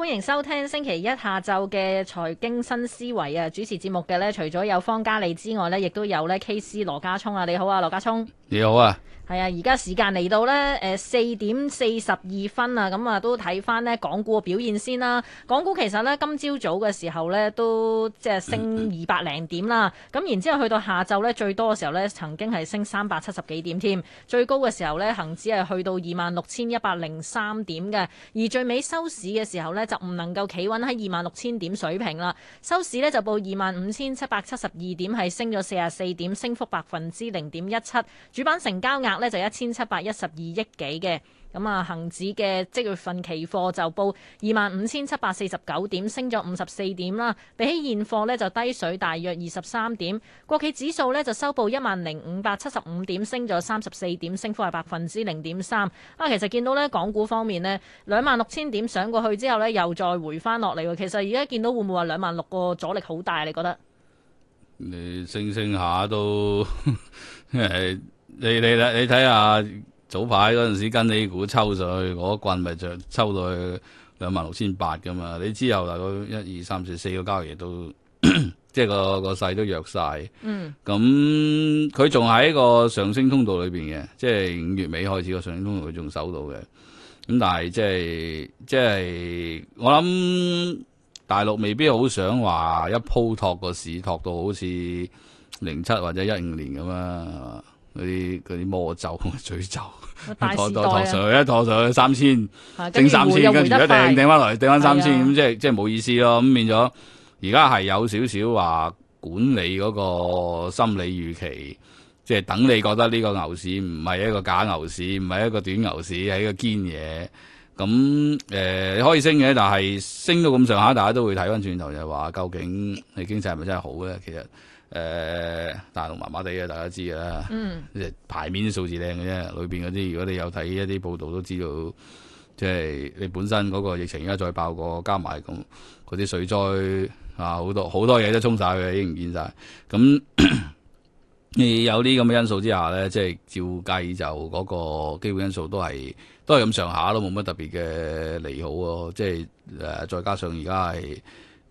歡迎收聽星期一下晝嘅財經新思維啊！主持節目嘅呢，除咗有方嘉莉之外呢，亦都有呢 KC 羅家聰啊！你好啊，羅家聰。你好啊。係啊，而家時間嚟到咧，誒四點四十二分啊，咁啊都睇返咧港股嘅表現先啦。港股其實咧今朝早嘅時候咧都即係升二百零點啦，咁 然之後去到下晝咧最多嘅時候咧曾經係升三百七十幾點添，最高嘅時候咧恆指係去到二萬六千一百零三點嘅，而最尾收市嘅時候咧就唔能夠企穩喺二萬六千點水平啦，收市咧就報二萬五千七百七十二點，係升咗四十四點，升幅百分之零點一七，主板成交額。呢就一千七百一十二億幾嘅，咁啊恆指嘅即月份期貨就報二萬五千七百四十九點，升咗五十四點啦。比起現貨呢，就低水大約二十三點。國企指數呢，就收報一萬零五百七十五點，升咗三十四點，升幅係百分之零點三。啊，其實見到呢港股方面呢，兩萬六千點上過去之後呢，又再回翻落嚟。其實而家見到會唔會話兩萬六個阻力好大啊？你覺得？你升升下都 你你你睇下早排嗰陣時，跟呢股抽上去，我、嗰個、棍咪就抽到去兩萬六千八嘅嘛？你之後大概一二三四四個交易日都咳咳，即係個個勢都弱晒。嗯，咁佢仲喺個上升通道裏邊嘅，即係五月尾開始個上升通道，佢仲守到嘅。咁但係即係即係我諗大陸未必好想話一鋪托個市托到好似零七或者一五年咁啊～嗰啲啲魔咒、詛咒，一拖拖上一拖上去，托上去三千，整、啊、三千，跟住一定掟翻嚟，掟翻三千，咁、啊、即係即係冇意思咯。咁變咗，而家係有少少話管理嗰個心理預期，即係等你覺得呢個牛市唔係一個假牛市，唔係一個短牛市，係一個堅嘢。咁、嗯、誒、呃、你可以升嘅，但係升到咁上下，大家都會睇翻轉頭，就係話究竟你經濟係咪真係好咧？其實。誒大陸麻麻地嘅，大家知嘅啦。嗯，排面數字靚嘅啫，裏邊嗰啲如果你有睇一啲報道都知道，即係你本身嗰個疫情而家再爆過加埋咁，嗰啲水災啊好多好多嘢都沖晒嘅，影唔見晒。咁你 有啲咁嘅因素之下咧，即係照計就嗰個基本因素都係都係咁上下咯，冇乜特別嘅利好喎。即係誒，再加上而家係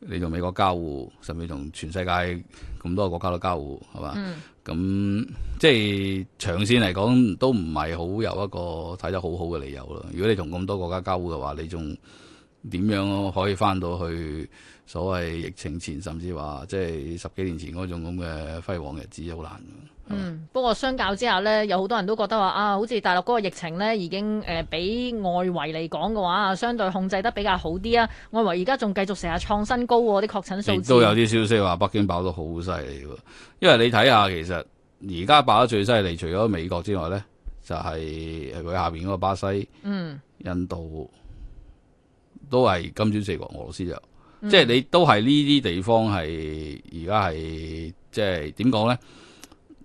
你同美國交互，甚至同全世界。咁多個國家都交互，係嘛？咁、嗯、即係長線嚟講，都唔係好有一個睇得好好嘅理由咯。如果你同咁多國家交互嘅話，你仲點樣可以翻到去所謂疫情前，甚至話即係十幾年前嗰種咁嘅輝煌日子，好難。嗯，不過相較之下呢，有好多人都覺得話啊，好似大陸嗰個疫情呢已經誒、呃、比外圍嚟講嘅話相對控制得比較好啲啊。外圍而家仲繼續成日創新高啲、啊、確診數都有啲消息話北京爆得好犀利。因為你睇下，其實而家爆得最犀利，除咗美國之外呢，就係、是、佢下邊嗰個巴西、嗯、印度。都係金磚四國，俄羅斯就，嗯、即係你都係呢啲地方係而家係即係點講咧？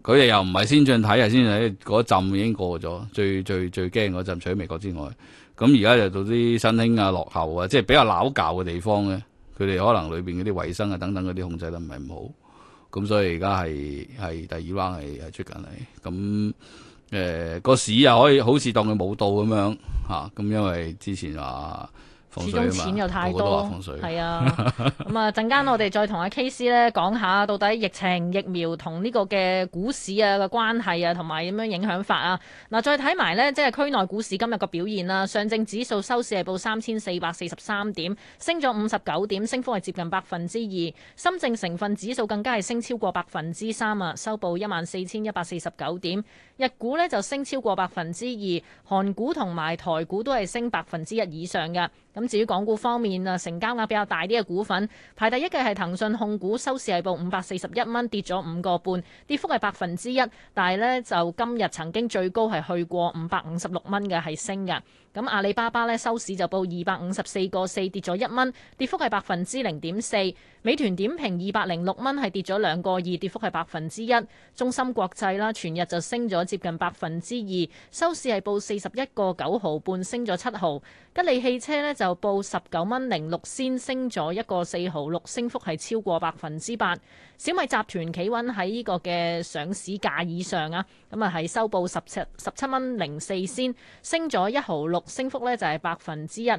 佢、就、哋、是、又唔係先進體係先係嗰陣已經過咗，最最最驚嗰陣除咗美國之外，咁而家就到啲新興啊、落後啊，即係比較老舊嘅地方咧，佢哋可能裏邊嗰啲衞生啊等等嗰啲控制得唔係唔好，咁所以而家係係第二 round 係係出緊嚟，咁誒個市又可以好似當佢冇到咁樣嚇，咁、啊、因為之前話。始終錢又太多，係 啊，咁啊陣間我哋再同阿 KC 呢講下到底疫情疫苗同呢個嘅股市啊個關係啊，同埋點樣影響法啊，嗱再睇埋呢，即係區內股市今日個表現啦，上證指數收市係報三千四百四十三點，升咗五十九點，升幅係接近百分之二，深證成分指數更加係升超過百分之三啊，收報一萬四千一百四十九點，日股呢就升超過百分之二，韓股同埋台股都係升百分之一以上嘅。咁至於港股方面啊，成交額比較大啲嘅股份，排第一嘅係騰訊控股，收市係報五百四十一蚊，跌咗五個半，跌幅係百分之一。但係呢，就今日曾經最高係去過五百五十六蚊嘅係升嘅。咁阿里巴巴呢，收市就報二百五十四個四，跌咗一蚊，跌幅係百分之零點四。美團點評二百零六蚊係跌咗兩個二，跌幅係百分之一。中芯國際啦，全日就升咗接近百分之二，收市係報四十一個九毫半，升咗七毫。吉利汽車呢，就報十九蚊零六仙，升咗一個四毫六，升幅係超過百分之八。小米集團企穩喺呢個嘅上市價以上啊，咁啊係收報十七十七蚊零四仙，升咗一毫六，升幅呢就係百分之一。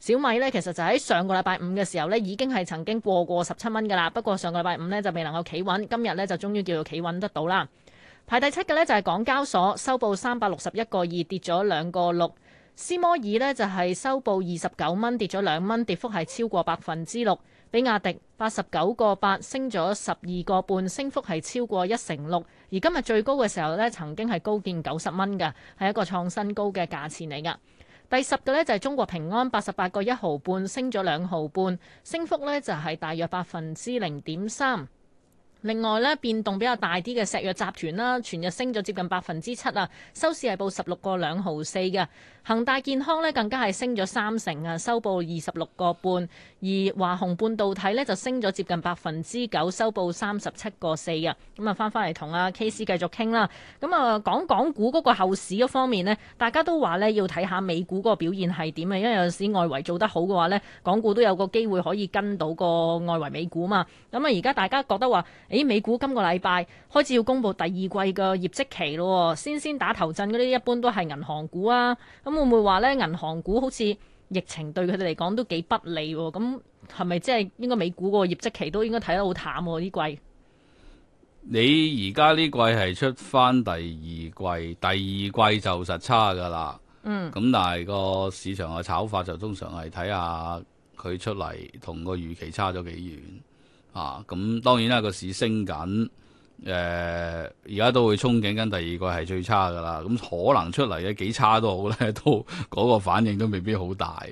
小米呢其實就喺上個禮拜五嘅時候呢已經係曾經過過十七蚊噶啦，不過上個禮拜五呢就未能夠企穩，今日呢就終於叫做企穩得到啦。排第七嘅呢就係港交所，收報三百六十一個二，跌咗兩個六。斯摩爾呢就係收報二十九蚊，跌咗兩蚊，跌幅係超過百分之六。比亞迪八十九個八，升咗十二個半，升幅係超過一成六。而今日最高嘅時候呢，曾經係高見九十蚊噶，係一個創新高嘅價錢嚟噶。第十個呢，就係中國平安八十八個一毫半，升咗兩毫半，升幅呢就係大約百分之零點三。另外咧，變動比較大啲嘅石藥集團啦，全日升咗接近百分之七啊，收市係報十六個兩毫四嘅。恒大健康咧更加係升咗三成啊，收報二十六個半。而華虹半導體咧就升咗接近百分之九，收報三十七個四嘅。咁啊，翻返嚟同阿 KC 繼續傾啦。咁啊，講港股嗰個後市嗰方面呢，大家都話咧要睇下美股嗰個表現係點啊，因為有時外圍做得好嘅話呢，港股都有個機會可以跟到個外圍美股嘛。咁啊，而家大家覺得話。誒，美股今個禮拜開始要公布第二季嘅業績期咯。哦，先先打頭陣嗰啲一般都係銀行股啊，咁會唔會話咧，銀行股好似疫情對佢哋嚟講都幾不利喎，咁係咪即係應該美股個業績期都應該睇得好淡喎？呢季你而家呢季係出翻第二季，第二季就實差噶啦，嗯，咁但係個市場嘅炒法就通常係睇下佢出嚟同個預期差咗幾遠。啊，咁當然啦，個市升緊，誒而家都會憧憬緊第二季係最差噶啦。咁、嗯、可能出嚟嘅幾差都好咧， 都嗰個反應都未必好大。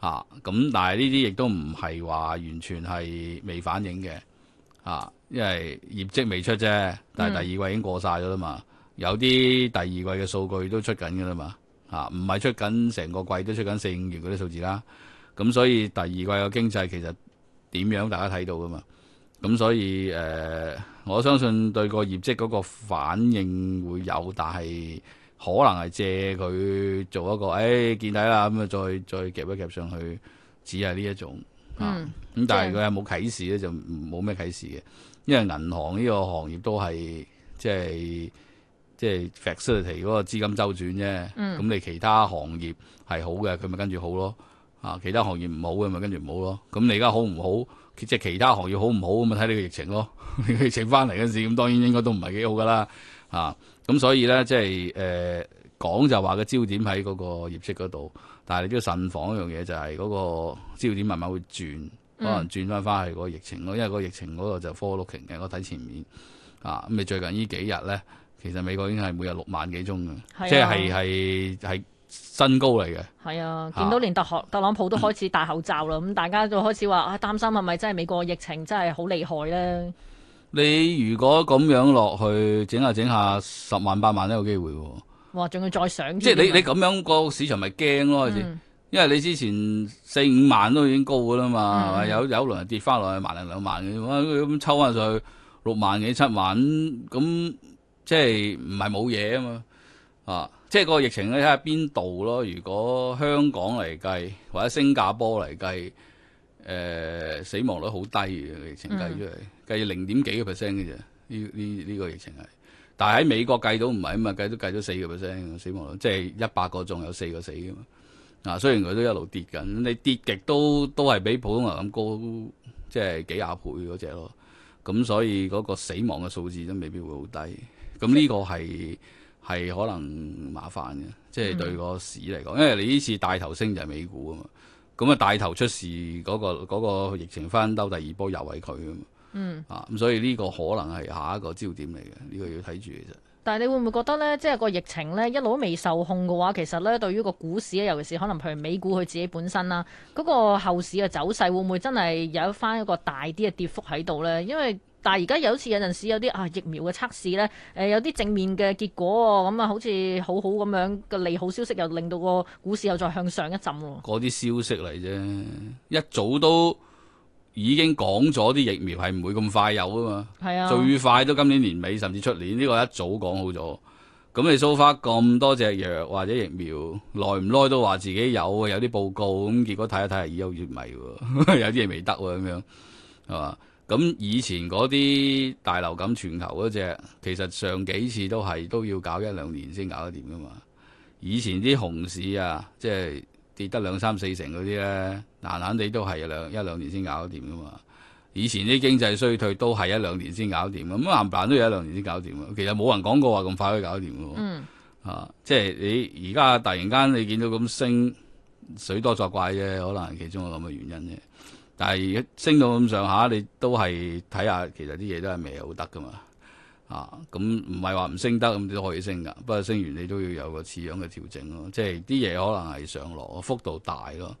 嚇、啊，咁但係呢啲亦都唔係話完全係未反應嘅，嚇、啊，因為業績未出啫。但係第二季已經過晒咗啦嘛，嗯、有啲第二季嘅數據都出緊噶啦嘛，嚇、啊，唔係出緊成個季都出緊四五月嗰啲數字啦。咁、啊、所以第二季嘅經濟其實點樣，大家睇到噶嘛？咁所以誒、呃，我相信對個業績嗰個反應會有，但係可能係借佢做一個誒、哎、見底啦，咁啊再再夾一夾上去只係呢一種啊。咁、嗯、但係佢有冇啟示咧，嗯、就冇咩啟示嘅，因為銀行呢個行業都係即係、就、即、是、係、就是、facility 嗰個資金周轉啫。咁、嗯、你其他行業係好嘅，佢咪跟住好咯。啊，其他行業唔好嘅咪跟住唔好咯。咁你而家好唔好？即係其他行業好唔好咁咪睇你個疫情咯， 疫情翻嚟嗰時咁當然應該都唔係幾好㗎喇，啊咁所以咧即係誒、呃、講就話個焦點喺嗰個業績嗰度，但係你都要慎防一樣嘢就係嗰個焦點慢慢會轉，可能轉翻翻去嗰個疫情咯，因為個疫情嗰個就 forecasting 嘅，我睇前面啊咁你、嗯、最近幾呢幾日咧，其實美國已經係每日六萬幾宗嘅，啊、即係係係。新高嚟嘅，係啊，見到連特學特朗普都開始戴口罩啦，咁、嗯、大家就開始話啊，擔心係咪真係美國疫情真係好厲害咧？你如果咁樣落去，整下整下，十萬八萬都有機會喎、啊。哇，仲要再上添，即係你你咁樣個市場咪驚咯？開始、嗯，因為你之前四五萬都已經高噶啦嘛，係咪、嗯？有有輪跌翻落去萬零兩萬嘅，咁抽翻上去六萬幾七萬咁，即係唔係冇嘢啊嘛，啊！即係個疫情咧，睇下邊度咯。如果香港嚟計或者新加坡嚟計，誒、呃、死亡率好低嘅疫情計出嚟，計零點幾個 percent 嘅啫。呢呢呢個疫情係，但係喺美國計到唔係啊嘛，計都計咗四個 percent 死亡率，即係一百個仲有四個死嘅嘛。啊，雖然佢都一路跌緊，你跌極都都係比普通人咁高，即係幾廿倍嗰隻咯。咁所以嗰個死亡嘅數字都未必會好低。咁呢個係。嗯係可能麻煩嘅，即係對個市嚟講，因為你呢次大頭升就係美股啊嘛，咁啊大頭出事嗰個嗰個疫情翻兜第二波又係佢啊嘛，嗯，啊咁所以呢個可能係下一個焦點嚟嘅，呢個要睇住其實。嗯、但係你會唔會覺得呢？即係個疫情呢，一路都未受控嘅話，其實呢對於個股市尤其是可能譬如美股佢自己本身啦，嗰個後市嘅走勢會唔會真係有一翻一個大啲嘅跌幅喺度呢？因為但係而家有次有陣時有啲啊疫苗嘅測試呢，誒、呃、有啲正面嘅結果喎，咁啊好似好好咁樣嘅利好消息，又令到個股市又再向上一浸喎、哦。嗰啲消息嚟啫，一早都已經講咗啲疫苗係唔會咁快有啊嘛。啊最快都今年年尾甚至出年呢、呢個一早講好咗。咁你 so far 咁多隻藥或者疫苗，耐唔耐都話自己有，有啲報告咁，結果睇一睇係有缺米， 有啲嘢未得喎，咁樣係嘛？咁以前嗰啲大流感全球嗰隻，其實上幾次都係都要搞一兩年先搞得掂㗎嘛。以前啲熊市啊，即係跌得兩三四成嗰啲咧，難難地都係兩一兩年先搞得掂㗎嘛。以前啲經濟衰退都係一兩年先搞得掂，咁鹹淡都有一兩年先搞得掂啊。其實冇人講過話咁快可以搞得掂㗎喎。嗯、啊，即係你而家突然間你見到咁升，水多作怪啫，可能係其中咁嘅原因啫。係而家升到咁上下，你都係睇下，其實啲嘢都係未好得噶嘛。啊，咁唔係話唔升得，咁你都可以升噶。不過升完你都要有個似樣嘅調整咯，即係啲嘢可能係上落，幅度大咯。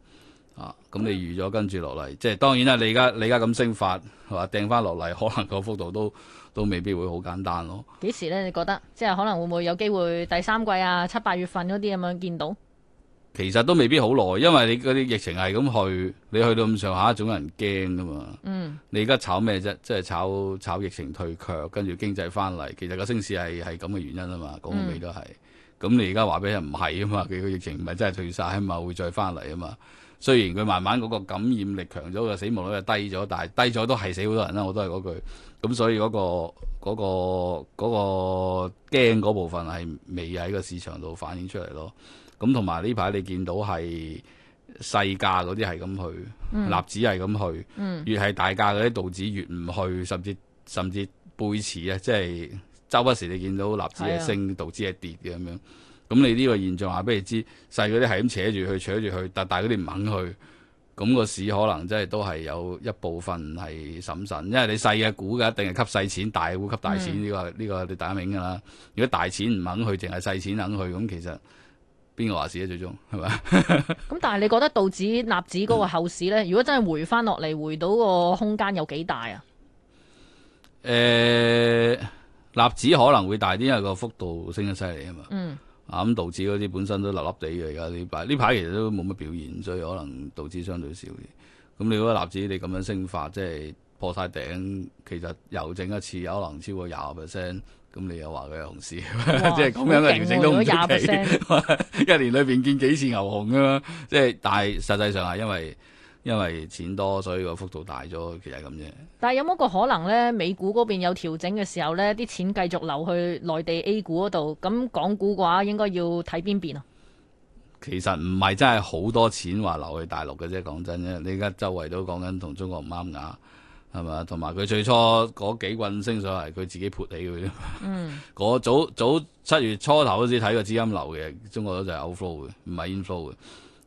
啊，咁你預咗跟住落嚟，即係當然啦。你而家你而家咁升法，話掟翻落嚟，可能個幅度都都未必會好簡單咯。幾時咧？你覺得即係可能會唔會有機會第三季啊、七八月份嗰啲咁樣見到？其實都未必好耐，因為你嗰啲疫情係咁去，你去到咁上下，總有人驚噶嘛。嗯，你而家炒咩啫？即係炒炒疫情退卻，跟住經濟翻嚟。其實個升市係係咁嘅原因啊嘛，講到尾都係。咁，嗯，你而家話俾人唔係啊嘛，佢個疫情唔係真係退晒，啊嘛，會再翻嚟啊嘛。雖然佢慢慢嗰個感染力強咗，個死亡率又低咗，但係低咗都係死好多人啦。我都係嗰句。咁所以嗰個嗰個嗰個驚嗰部分係未喺個市場度反映出嚟咯。咁同埋呢排你見到係細價嗰啲係咁去，納、嗯、指係咁去，嗯、越係大價嗰啲道指越唔去，甚至甚至背馳啊，即係周不時你見到納指係升，嗯、道指係跌嘅咁樣。咁、嗯嗯、你呢個現象啊，話俾你知細嗰啲係咁扯住去，扯住去，但大嗰啲唔肯去，咁、那個市可能即係都係有一部分係審慎，因為你細嘅股嘅一定係吸細錢，大股吸大錢，呢個呢個你打明㗎啦。如果大錢唔肯，肯，肯去，淨係細錢肯去，咁其實。其實邊個話事咧？最終係咪？咁 但係你覺得道指、納指嗰個後市咧？如果真係回翻落嚟，回到個空間有幾大啊？誒、呃，納指可能會大啲，因為個幅度升得犀利啊嘛。嗯。啊，咁道指嗰啲本身都立笠地嘅，而家呢排呢排其實都冇乜表現，所以可能道指相對少啲。咁你嗰個納指你咁樣升法，即係破晒頂，其實又整一次，有可能超過廿 percent。咁你又話佢係熊市，哇即係是咁樣嘅調整都唔奇。 一年裏邊見幾次牛熊啊！即係，但係實際上係因為因為錢多，所以個幅度大咗，其實咁啫。但係有冇一個可能咧？美股嗰邊有調整嘅時候咧，啲錢繼續流去內地 A 股嗰度。咁港股嘅話，應該要睇邊邊啊？其實唔係真係好多錢話流去大陸嘅啫。講真啫，你而家周圍都講緊同中國唔啱眼。係嘛，同埋佢最初嗰幾棍升上嚟，佢自己潑起佢啫嘛。嗯，早，早早七月初頭都先睇個資金流嘅，中國就係 outflow 嘅，唔係 inflow 嘅。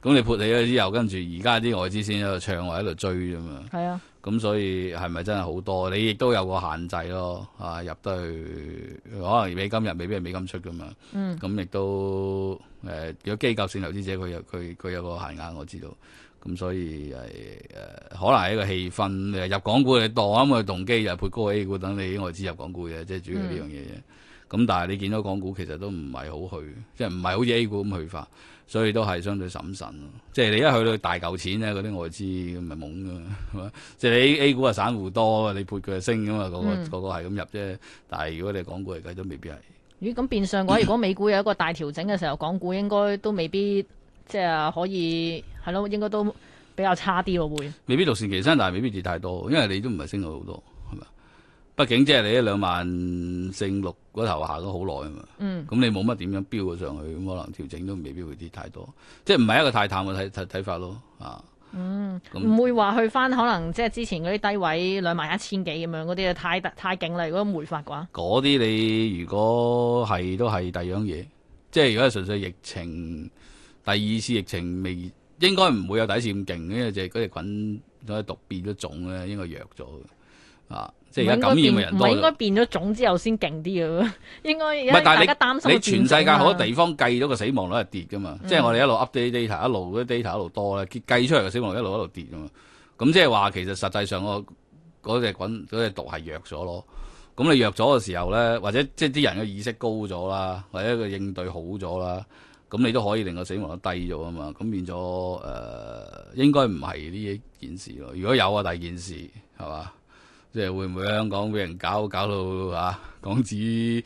咁你潑起咗之後，跟住而家啲外資先喺度唱，喺度追啫嘛。係是啊。咁所以係咪真係好多？你亦都有個限制咯，嚇、啊、入得去，可能美金入未必係美金出噶嘛。嗯。咁亦都誒，如果機構性投資者佢有佢佢有個限額，我知道。咁、嗯、所以係誒、呃，可能係一個氣氛入港股嚟蕩啊嘛，動機又配高 A 股，等你外資入港股嘅，即係主要呢樣嘢。咁、嗯嗯、但係你見到港股其實都唔係好去，即係唔係好似 A 股咁去法，所以都係相對審慎咯。即係你一去到大嚿錢咧，嗰啲外資咁咪懵噶係嘛？ 即係你 A 股啊，散戶多，你配佢就升噶嘛，個、嗯、個個係咁入啫。但係如果你係港股嚟計，都未必係。咦？咁變相嘅話，如果美股有一個大調整嘅時候，港股應該都未必。嗯嗯嗯嗯即係可以，係咯，應該都比較差啲咯，會未必獨善其身，但係未必跌太多，因為你都唔係升到好多，係咪？畢竟即係你一兩萬剩六嗰頭下咗好耐啊嘛，咁、嗯、你冇乜點樣飆咗上去，咁可能調整都未必會跌太多，即係唔係一個太淡嘅睇睇法咯，啊，嗯，唔、嗯、會話去返可能即係、就是、之前嗰啲低位兩萬一千幾咁樣嗰啲，太太勁啦！如果沒法嘅話，嗰啲你如果係都係第二樣嘢，即、就、係、是、如果純粹疫情。就是第二次疫情未應該唔會有第一次咁勁，因為就嗰隻菌嗰隻毒變咗種咧，應該弱咗啊！即係而家感染嘅人多。唔係應該變咗種之後先勁啲嘅，應該但係你大家擔心你全世界好多地方計咗個死亡率係跌嘅嘛？嗯、即係我哋一路 update data，一路啲 data 一路多咧，計出嚟嘅死亡率一路一路跌㗎嘛。咁即係話其實實際上、嗰個嗰隻、嗰個、菌嗰隻、嗰個、毒係弱咗咯。咁你弱咗嘅時候咧，或者即係啲人嘅意識高咗啦，或者佢應對好咗啦。咁你都可以令個死亡率低咗啊嘛，咁變咗誒、呃、應該唔係呢一件事咯。如果有啊，第二件事係嘛，即係會唔會香港俾人搞搞到啊，港紙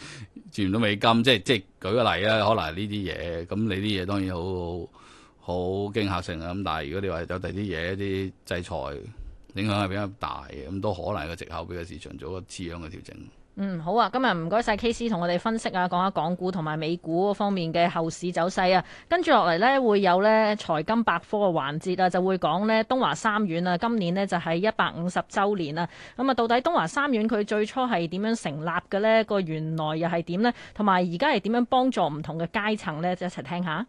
轉唔到美金？即係即係舉個例啦，可能呢啲嘢，咁你啲嘢當然好好驚嚇性啊。咁但係如果你話有第二啲嘢一啲制裁，影響係比較大嘅，咁都可能個借口俾個市場做個次養嘅調整。嗯，好啊！今日唔該晒 KC 同我哋分析啊，講下港股同埋美股方面嘅後市走勢啊。跟住落嚟呢，會有呢財金百科嘅環節啊，就會講呢東華三院啊，今年呢，就係一百五十周年啊。咁、嗯、啊，到底東華三院佢最初係點樣成立嘅呢？個原來又係點呢？同埋而家係點樣幫助唔同嘅階層呢？就一齊聽一下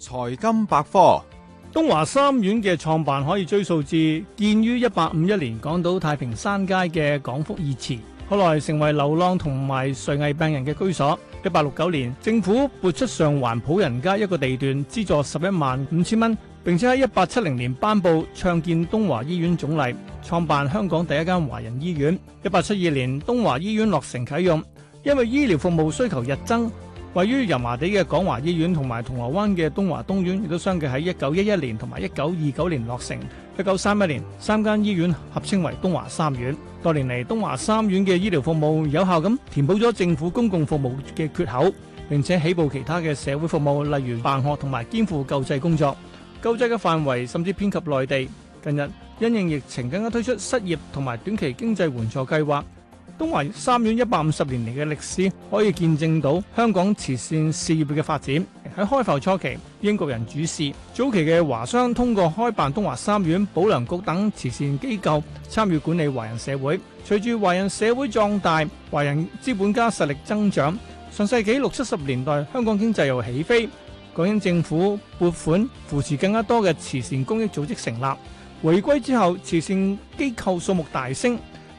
財金百科。東華三院嘅創辦可以追溯至建於一八五一年港島太平山街嘅廣福義祠，後來成為流浪同埋垂危病人嘅居所。一八六九年，政府撥出上環普仁街一個地段，資助十一萬五千蚊，並且喺一八七零年頒布倡建東華醫院總例，創辦香港第一間華人醫院。一八七二年，東華醫院落成啟用，因為醫療服務需求日增。位於油麻地嘅廣華醫院同埋銅鑼灣嘅東華東院，亦都相繼喺一九一一年同埋一九二九年落成。一九三一年，三間醫院合稱為東華三院。多年嚟，東華三院嘅醫療服務有效咁填補咗政府公共服務嘅缺口，並且起步其他嘅社會服務，例如辦學同埋肩負救濟工作。救濟嘅範圍甚至遍及內地。近日，因應疫情，更加推出失業同埋短期經濟援助計劃。東華三院一百五十年嚟嘅歷史，可以見證到香港慈善事業嘅發展。喺開埠初期，英國人主事；早期嘅華商通過開辦東華三院、保良局等慈善機構，參與管理華人社會。隨住華人社會壯大，華人資本家實力增長。上世紀六七十年代，香港經濟又起飛，港英政府撥款扶持更加多嘅慈善公益組織成立。回歸之後，慈善機構數目大升。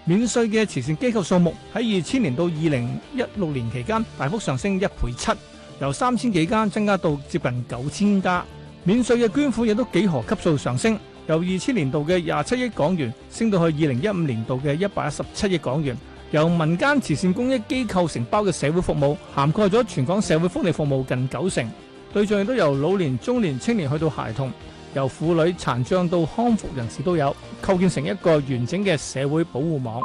免稅嘅慈善機構數目喺二千年到二零一六年期間大幅上升一倍七，由三千幾間增加到接近九千家。免稅嘅捐款亦都幾何級數上升，由二千年度嘅廿七億港元升到去二零一五年度嘅一百一十七億港元。由民間慈善公益機構承包嘅社會服務涵蓋咗全港社會福利服務近九成，對象亦都由老年、中年、青年去到孩童，由婦女、殘障到康復人士都有。構建成一個完整嘅社會保護網。